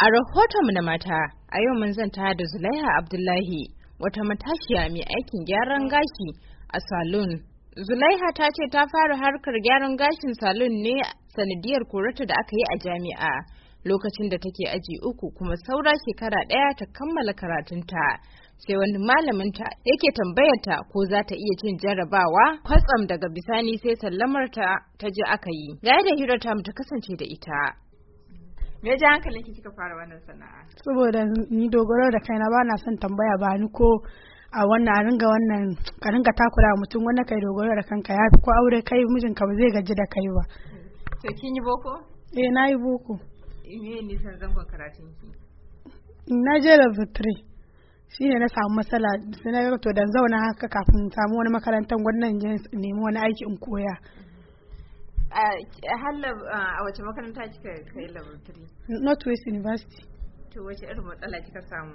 A rahotonmu na mata, a yau mun zanta da Zulaiha Abdullahi, wata matashiya mai aikin gyaran gashi a salon. Zulaiha ta ce ta fara harkar gyaran gashin salon ne sanadiyar korata da aka yi a jami'a lokacin da take aji uku kuma saura shekara ɗaya ta kammala karatunta. Sai wani malaminta yake tambayata ko za ta iya cin jarabawa kwatsam daga bisani sai sallamarta ta ji aka yi. Gaya da hira ta kasance da ita. me ja hankalin ki kika fara wannan sana'a saboda ni dogaro da kaina ba na son tambaya ba ni ko a wannan a ringa wannan ka ringa takura mutum wannan kai dogaro da kanka ya fi ko aure kai mijinka ba zai gaji da kai ba to kin yi boko eh na yi boko me ne san zangon karatun ki na je da vitri shi ne na samu matsala sai na to dan zauna haka kafin samu wani makarantar gwamnan nemi wani aiki in koya Uh, uh, a wace makaranta kika kai laboratory? North West University. To wace irin matsala kika samu?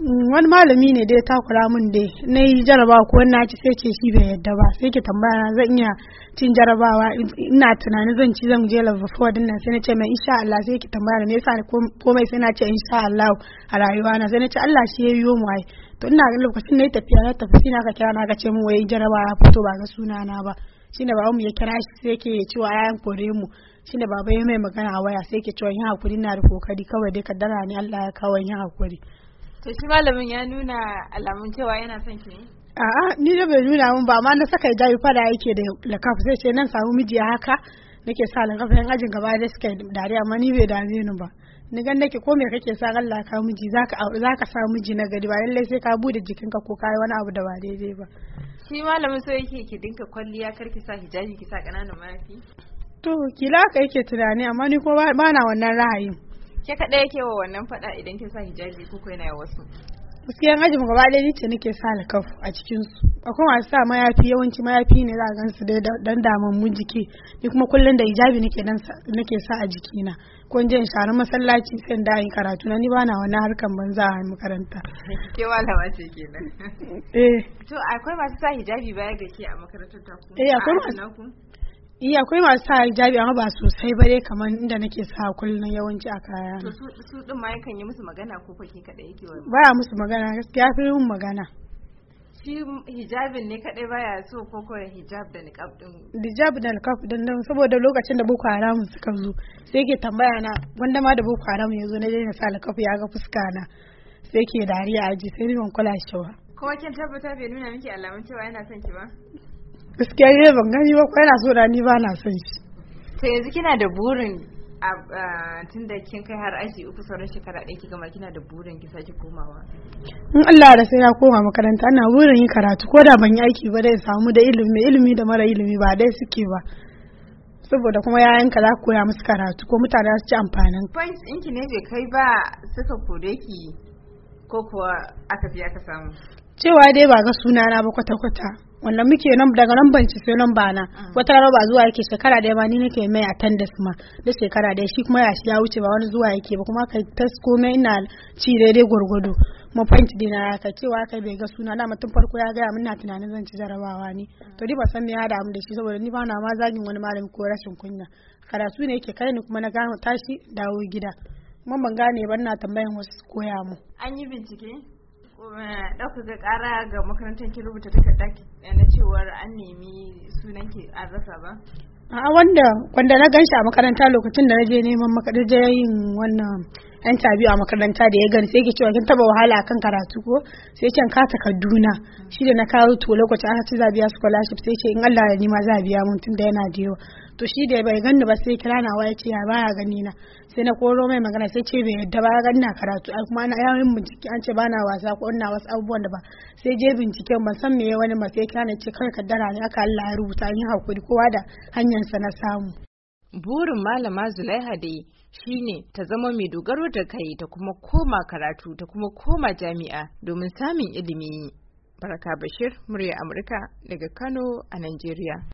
Mm, wani malami ne dai takura min dai na yi jarabawa ko na ci sai ce shi bai yadda ba sai ke tambaya zan iya cin jarabawa ina tunanin zan ci zan je level 4 din nan sai na ce mai insha Allah sai ke tambaya me yasa komai sai na ce insha Allah a rayuwa na sai na ce Allah shi ya yi mu ai to ina lokacin na yi tafiya na tafi sai na ka kira na ka ce mu wai jarabawa fito ba ga sunana ba shine mu ya kira shi sai ke wa ayan kore mu shine ba ya mai magana a waya sai ke cewa yin hakuri na da kokari kawai dai kaddara ne Allah ya kawo yin hakuri to shi malamin ya nuna alamun cewa yana son ki a'a ni da bai nuna mun ba ma na saka jayi fada yake da lakaf sai ce nan samu miji haka nake sa lakaf yan ajin gaba da suka dariya amma ni bai dame ni ba ni gan nake ko me kake sa Allah ka miji zaka zaka sa miji na gari ba lallai sai ka bude jikinka ko kai wani abu da ba daidai ba shi malamin so yake ki dinka kwalliya kar ki sa hijabi ki sa kananan mayafi to kila ka yake tunani amma ni ko ba na wannan ra'ayin ke kaɗai yake wa wannan faɗa idan kin sa hijabi ko yana wasu gaskiya ajin gaba ɗaya ni ce nake sa alkaf a cikin su akwai masu sa mayafi yawanci mayafi ne za a gan su dai dan mun jiki ni kuma kullum da hijabi nake dan nake sa a jikina ko in share masallaci sai da yin karatu na ni bana wani harkan banza a makaranta ke malama ce kenan eh to akwai masu sa hijabi baya ga ke a makarantar ta ku eh akwai masu Iya eh, akwai masu sa hijabi amma ba sosai ba dai kamar inda nake sa kullum yawanci a kaya. To su din ma yakan yi musu magana ko ke kadai yake wani. Baya musu magana gaskiya fi yin magana. Shi hijabin ne kadai baya so ko ko hijab da niqab din. Hijab da niqab din nan saboda lokacin da Boko Haram suka zo sai yake tambaya na wanda ma da Boko Haram ya zo na daina sa niqab ya ga fuska na. Sai ke dariya aji sai ban kula shi ba. Kowa kin tabbata bai nuna miki alamun cewa yana son ki ba? gaskiya ne ban gani ba yana so da ni ba na son shi to yanzu kina da burin tun da kin kai har aji uku sauran shekara ɗaya ki ma kina da burin ki sake komawa in Allah da sai na koma makaranta ana burin yin karatu ko da ban yi aiki ba dai samu da ilimi ilimi da mara ilimi ba dai suke ba saboda kuma yayan ka za ku koya musu karatu ko mutane su ci amfanin points in ki ne bai kai ba suka kore ki ko kuwa aka je aka samu cewa dai ba ga sunana ba kwata-kwata wannan muke nan daga nan ban ci sai nan ba na ah. wata rana ba zuwa yake shekara daya ma ni nake mai attendance ma da shekara da shi kuma ya ya wuce ba wani zuwa yake ba kuma kai tas komai ina ci daidai gwargwado mu point dina ka cewa kai bai ga suna na mutum farko ya gaya min na tunanin zan ci jarabawa ne ah. to ni ba san me ya mu da shi saboda ni ba na ma zagin wani malami ko rashin kunya karatu ne yake kai ni kuma na gano tashi dawo gida kuma ban gane ba na tambayan wasu koya mu an yi bincike ɗaukaka ƙara ga makarantar ki rubuta takarda eh, na cewar an nemi sunan ki an rasa ba a wanda wanda na ganshi a makaranta lokacin da na je neman makaranta yin wannan yan tabi a makaranta da ya gani sai ke cewa kin taba wahala akan karatu ko sai can ka takarduna shi da na kawo to lokacin aka ci zabiya scholarship sai ce in Allah ya nima za biya mun tunda yana da yawa to shi da bai ganni ba sai kira na ya ce ya baya gani na sai na koro mai magana sai ce bai yadda ba ga na karatu ai kuma na yayin bincike an ce bana wasa ko ina wasu abubuwan da ba sai je binciken ban san ya wani ba sai kira na ce kai kaddara ne aka Allah ya rubuta ni hakuri kowa da hanyar sa na samu burin malama Zulaiha dai shine ta zama mai dogaro da kai ta kuma koma karatu ta kuma koma jami'a domin samun ilimi Baraka Bashir, murya Amurka daga Kano a Najeriya.